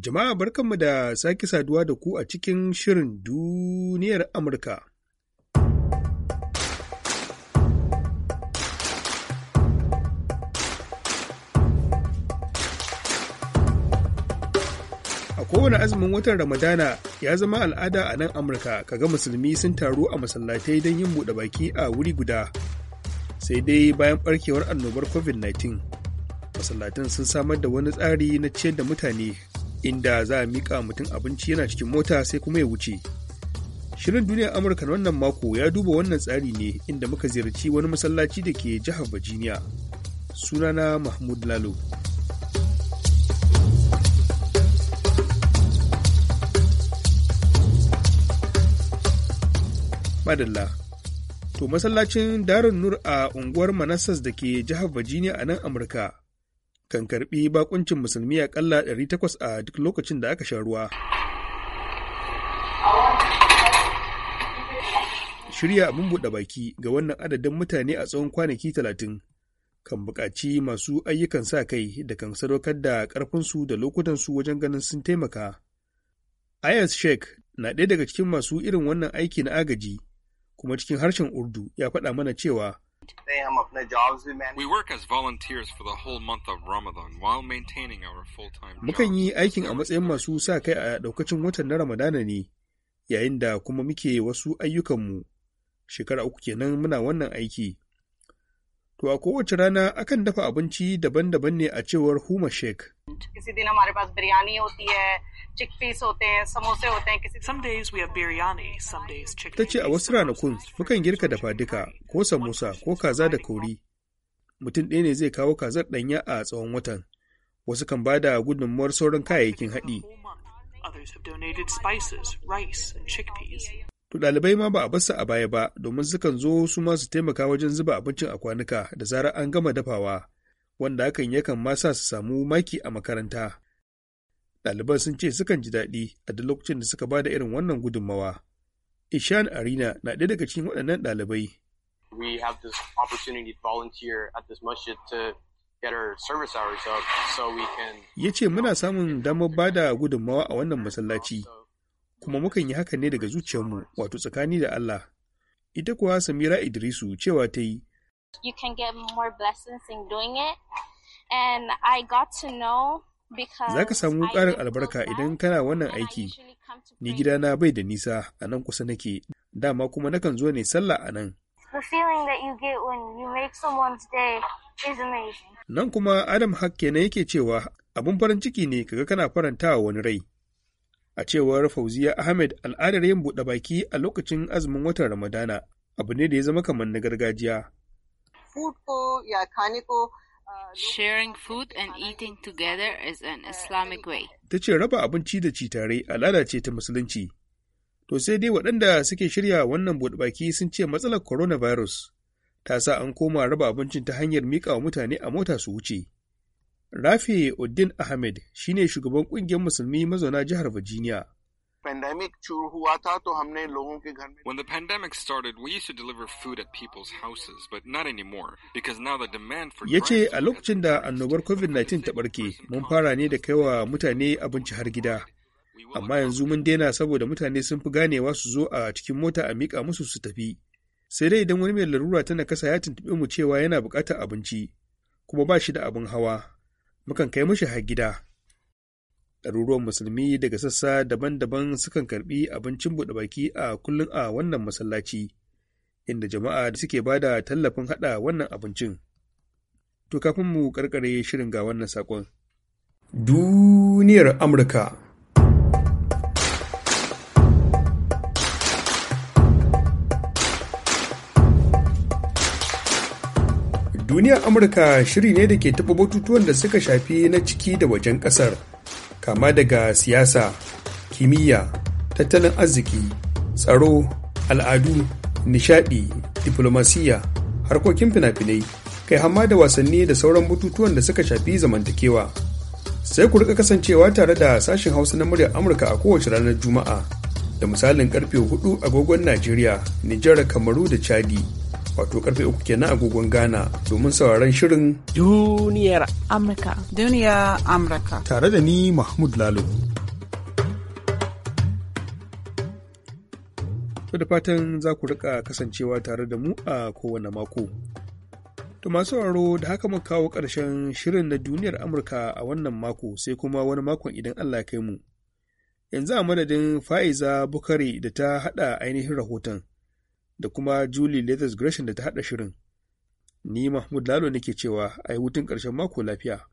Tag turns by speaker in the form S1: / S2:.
S1: Jama'a barkanmu da sake saduwa da ku a cikin shirin duniyar Amurka. A kowane azumin watan Ramadana ya zama al'ada a nan Amurka kaga musulmi sun taru a masallatai don yin buɗe baki a wuri guda. Sai dai bayan barkewar annobar COVID-19, masallatan sun samar da wani tsari na ciyar da mutane inda za a mika mutum abinci yana cikin mota sai kuma ya wuce shirin duniya amurka na wannan mako ya duba wannan tsari ne inda muka ziyarci wani masallaci da ke jihar virginia sunana mahmud lalo madalla to masallacin darin nur a unguwar manassas da ke jihar virginia a nan amurka kan karbi bakuncin musulmi a akalla 800 a duk lokacin da aka sha ruwa. Shirya abin buɗe baki ga wannan adadin mutane a tsawon kwanaki talatin kan buƙaci masu ayyukan sa kai da kan sadaukar da ƙarfinsu da lokutansu wajen ganin sun taimaka. Ayas Sheikh na ɗaya daga cikin masu irin wannan aiki na agaji, kuma cikin harshen Urdu ya faɗa mana cewa We work as volunteers for the whole month of Ramadan while maintaining our full-time Mukan yi aikin a matsayin masu sa kai a daukacin watan na Ramadana ne, yayin da kuma muke wasu ayyukanmu. Shekara uku kenan muna wannan aiki. To a kowace rana akan dafa abinci daban-daban ne a cewar Huma Sheikh. किसी दिन हमारे पास बिरयानी होती है a wasu ranakun mukan girka dafa duka ko samosa ko kaza da kori mutum ɗaya ne zai kawo kazar ɗanya a tsawon watan wasu kan bada gudunmuwar sauran kayayyakin haɗi To ɗalibai ma ba a basu a baya ba domin sukan zo su ma su taimaka wajen zuba abincin a kwanuka da zarar an gama dafawa wanda hakan yakan ma sa su samu maki a makaranta. Ɗaliban sun ce sukan ji daɗi a duk lokacin da suka ba da irin wannan gudunmawa. Ishan Arina na ɗaya daga cikin waɗannan ɗalibai. We have this opportunity to volunteer Ya ce muna samun damar ba da gudunmawa a wannan masallaci, kuma mukan yi hakan ne daga zuciyarmu wato tsakani da Allah. Ita kuwa Samira Idrisu cewa ta yi, you can get more blessings in doing it. And I got to know because Za ka samu ƙarin albarka idan kana wannan aiki. Ni gidana bai da nisa, a nan kusa nake, dama kuma nakan zo ne sallah a nan. The feeling that you get when you make someone's day is amazing. Nan kuma Adam Hakke na yake cewa abun farin ciki ne kaga kana farantawa wani rai. A cewar Fauziya Ahmed al'adar yin buɗe baki a lokacin azumin watan Ramadana abu ne da ya zama kamar na gargajiya food को uh, Sharing food and eating together uh, is an uh, Islamic way. Ta ce raba abinci da ci tare al'ada ce ta musulunci. To sai dai waɗanda suke shirya wannan buɗe baki sun ce matsalar coronavirus ta sa an koma raba abincin ta hanyar miƙa wa mutane a mota su wuce. Rafi Uddin Ahmed shine shugaban ƙungiyar musulmi mazauna jihar Virginia. When the pandemic started, we used to deliver food at people's houses, but not anymore because now the demand for Yace a lokacin da annobar COVID-19 ta barke, mun fara ne da kaiwa mutane abinci har gida. Amma yanzu mun daina saboda mutane sun fi ganewa su zo a cikin mota a miƙa musu su tafi. Sai dai idan wani mai larura ta nakasa ya tuntuɓe mu cewa yana buƙatar abinci, kuma ba shi da abin hawa. Mukan kai mishi har gida. ɗaruruwan musulmi daga sassa daban-daban sukan karɓi abincin buɗe baki a kullum a wannan masallaci inda jama'a da suke ba da tallafin haɗa wannan abincin to kafin mu karkare shirin ga wannan saƙon duniyar amurka duniyar amurka shiri ne da ke taɓa batutuwan da suka shafi na ciki da wajen ƙasar kama daga siyasa kimiyya tattalin arziki tsaro al'adu nishadi diflomasiyya harkokin fina-finai kai hama da wasanni da sauran bututuwan da suka shafi zamantakewa sai ku rika kasancewa tare da sashen hausa na muryar amurka a kowace ranar juma'a da misalin karfe 4 agogon najeriya nijar kamaru da chadi wato karfe uku kenan agogon Ghana domin sauraron shirin Duniyar Amurka. Duniyar Amurka. Tare da ni Mahmud Lalo. To da fatan za ku rika kasancewa tare da mu a kowane mako. To masu sauraro da haka muka kawo ƙarshen shirin na duniyar Amurka a wannan mako sai kuma wani makon idan Allah ya kai mu. Yanzu a madadin Fa'iza Bukari da ta haɗa ainihin rahoton. da kuma Julie Leathers Gresham da ta haɗa shirin. Ni Mahmud Lalo nake cewa a yi hutun ƙarshen mako lafiya.